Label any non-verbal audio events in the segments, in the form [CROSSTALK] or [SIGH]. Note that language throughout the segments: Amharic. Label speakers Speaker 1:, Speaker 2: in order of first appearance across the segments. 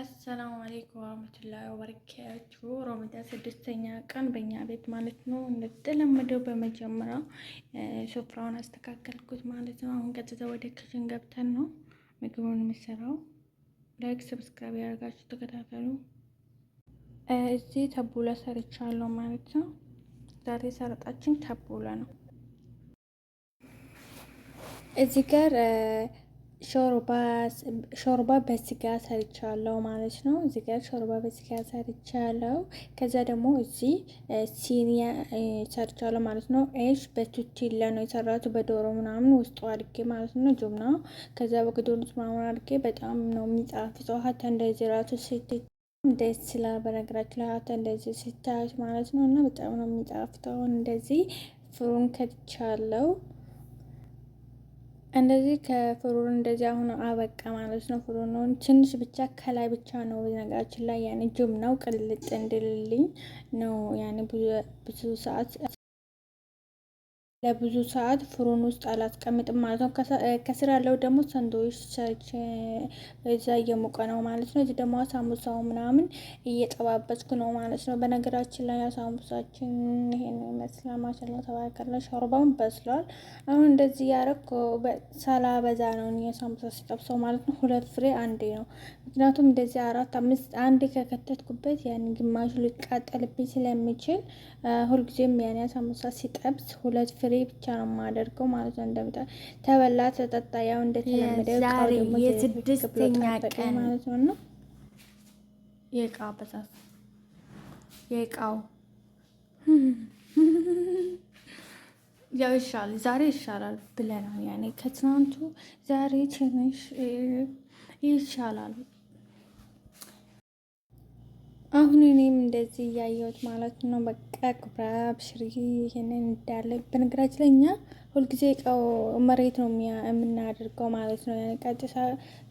Speaker 1: አሰላሙ አሌይኩም ወረህመቱላሂ ወበረካቱ። ረመዳን ስድስተኛ ቀን በእኛ ቤት ማለት ነው። እንደተለመደው በመጀመሪያ ስፍራውን አስተካከልኩት ማለት ነው። አሁን ቀጥታ ወደ ክችን ገብተን ነው ምግቡን የምሰራው። ላይክ ሰብስክራይብ ያደርጋችሁ ተከታተሉ። እዚህ ተቡላ ሰርቻለሁ ማለት ነው። ዛሬ ሰረጣችን ተቡላ ነው። እዚህ ጋር ሾርባ በስጋ ሰርቻለሁ ማለት ነው። እዚህ ጋር ሾርባ በስጋ ሰርቻለሁ። ከዛ ደግሞ እዚህ ሲኒያ ሰርቻለሁ ማለት ነው። ኤሽ በቱቲላ ነው የሰራቱ በዶሮ ምናምን ውስጡ አድርጌ ማለት ነው። ጁምና ከዛ በግዶንት ምናምን አድርጌ በጣም ነው የሚጣፍጠው። ሀታ እንደዚህ ራሱ ሴት ደስ ስላ በነገራችን ላይ ሀታ እንደዚህ ሲታዩት ማለት ነው እና በጣም ነው የሚጣፍጠውን እንደዚህ ፍሩን ከድቻለሁ እንደዚህ ከፍሩን እንደዚህ አሁን አበቃ ማለት ነው። ፍሩኑን ትንሽ ብቻ ከላይ ብቻ ነው ነገራችን ላይ ያኔ ጅም ነው ቅልጥ እንድልልኝ ነው ያኔ ብዙ ሰዓት ለብዙ ሰዓት ፍሩን ውስጥ አላስቀምጥም ማለት ነው። ከስር ያለው ደግሞ ሰንዶዊች ሰርች እዛ እየሞቀ ነው ማለት ነው። እዚህ ደግሞ አሳሙሳው ምናምን እየጠባበስኩ ነው ማለት ነው። በነገራችን ላይ አሳሙሳችን ይሄን ይመስላል ማለት ነው። ተባረከላ ሾርባውን በስሏል። አሁን እንደዚህ ያረኩ ሰላ በዛ ነው የሳሙሳ ሲጠብሰው ማለት ነው። ሁለት ፍሬ አንዴ ነው ምክንያቱም እንደዚህ አራት አምስት አንዴ ከከተትኩበት ያን ግማሹ ሊቃጠልብኝ ስለሚችል ሁልጊዜም ያን አሳሙሳ ሲጠብስ ሁለት ፍሬ ፍሬ ብቻ ነው የማደርገው ማለት ነው። እንደምታ ተበላ ተጠጣ፣ ያው እንደተለመደ ቃው የስድስተኛ ቀን ማለት ነው። የእቃ አበሳስ የእቃው [LAUGHS] ያው ይሻል ዛሬ ይሻላል ብለናል። ያኔ ከትናንቱ ዛሬ ትንሽ ይሻላል። አሁን እኔም እንደዚህ እያየሁት ማለት ነው። በቃ ክብራ ብሽሪ ይህንን እንዳለ በነገራችን ላይ እኛ ሁልጊዜ እቃው መሬት ነው የምናደርገው ማለት ነው። ያን ቃጭሳ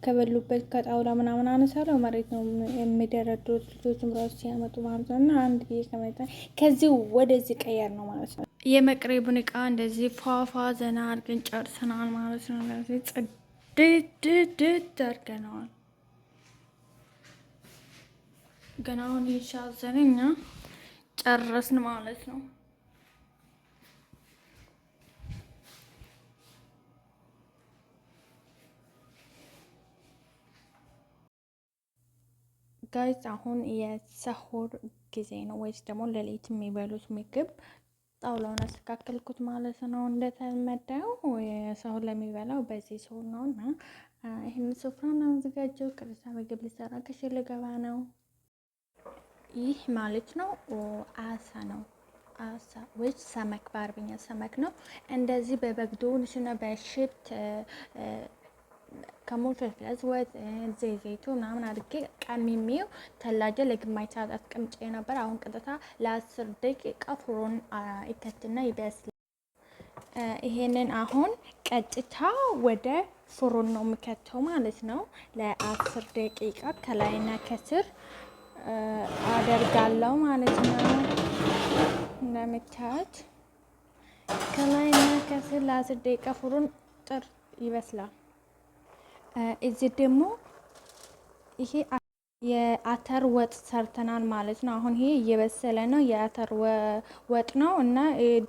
Speaker 1: ከበሉበት ከጣውላ ምናምን አነሳለው መሬት ነው የሚደረድሩት ልጆች ምራዎች ሲያመጡ ማለት ነው። እና አንድ ጊዜ ከመጣ ከዚህ ወደዚህ ቀየር ነው ማለት ነው። የመቅረቡን እቃ እንደዚህ ፏፏ ዘና አድርገን ጨርሰናል ማለት ነው። ጽድድድድ አድርገነዋል። ገና አሁን ይሻዘን እኛ ጨረስን ማለት ነው። ጋይዝ አሁን የሰሆር ጊዜ ነው ወይስ ደግሞ ሌሊት የሚበሉት ምግብ ጣውላውን አስተካከልኩት ማለት ነው። እንደተመደው ሰሆር ለሚበላው በዚህ ሰሆር ነው እና ይህን ስፍራ ነው አዘጋጀው። ቅርሳ ምግብ ሊሰራ ከሽ ልገባ ነው ይህ ማለት ነው አሳ ነው። አሳ ወይስ ሰመክ በአረብኛ ሰመክ ነው። እንደዚህ በበግዶንሽና በሽብት ከሞቶች ለዝወት ዘይቱ ምናምን አድርጌ ቀምሜው ተላጀ ለግማሽ ሰዓት አስቀምጬ ነበር። አሁን ቀጥታ ለአስር ደቂቃ ፍሮን ይከትና ይበስል። ይሄንን አሁን ቀጥታ ወደ ፍሮን ነው የምከተው ማለት ነው ለአስር ደቂቃ ከላይና ከስር አደርጋለሁ ማለት ነው። እንደምታዩት ከላይና ከስር ለአስር ደቂቃ ፍሩን ጥር ይበስላል። እዚህ ደግሞ ይሄ የአተር ወጥ ሰርተናል ማለት ነው። አሁን ይሄ እየበሰለ ነው። የአተር ወጥ ነው እና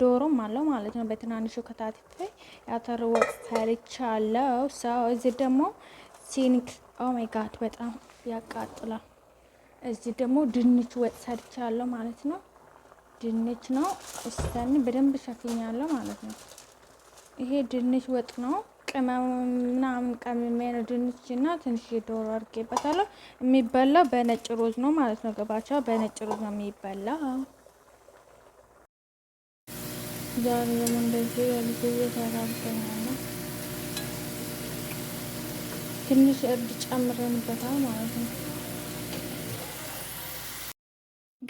Speaker 1: ዶሮም አለው ማለት ነው። በትናንሹ ከታትፌ የአተር ወጥ ሰርቻለሁ። ሰው እዚህ ደግሞ ሲኒክ ኦ ማይ ጋድ በጣም ያቃጥላል። እዚህ ደግሞ ድንች ወጥ ሰርቻለሁ ማለት ነው። ድንች ነው እስተን በደንብ ሸፍኛለሁ ማለት ነው። ይሄ ድንች ወጥ ነው። ቅመም ምናምን ቀምሜ ነው። ድንች እና ትንሽ ዶሮ አድርጌበታለሁ። የሚበላው በነጭ ሮዝ ነው ማለት ነው። ገባቸው በነጭ ሮዝ ነው የሚበላ። ዛሬ ደግሞ እንደዚህ ያልኩ ተራርገኛለ ትንሽ እርድ ጨምረንበታል ማለት ነው።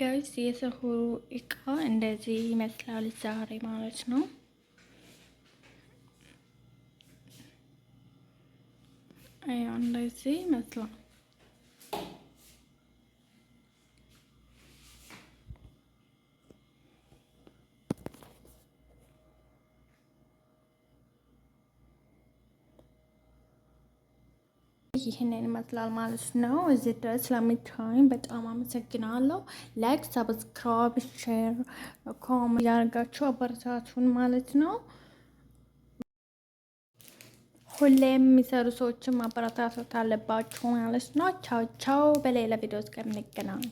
Speaker 1: ጋይስ የሰሁሩ እቃ እንደዚህ ይመስላል ዛሬ ማለት ነው። እንደዚህ ይመስላል። ይህንን ይመስላል ማለት ነው። እዚህ ድረስ ስለምታዩኝ በጣም አመሰግናለሁ። ላይክ፣ ሰብስክራይብ፣ ሼር፣ ኮም ያደርጋችሁ አበረታቱን ማለት ነው። ሁሌም የሚሰሩ ሰዎችን ማበረታታት አለባችሁ ማለት ነው። ቻው ቻው። በሌላ ቪዲዮ እስከምንገናኝ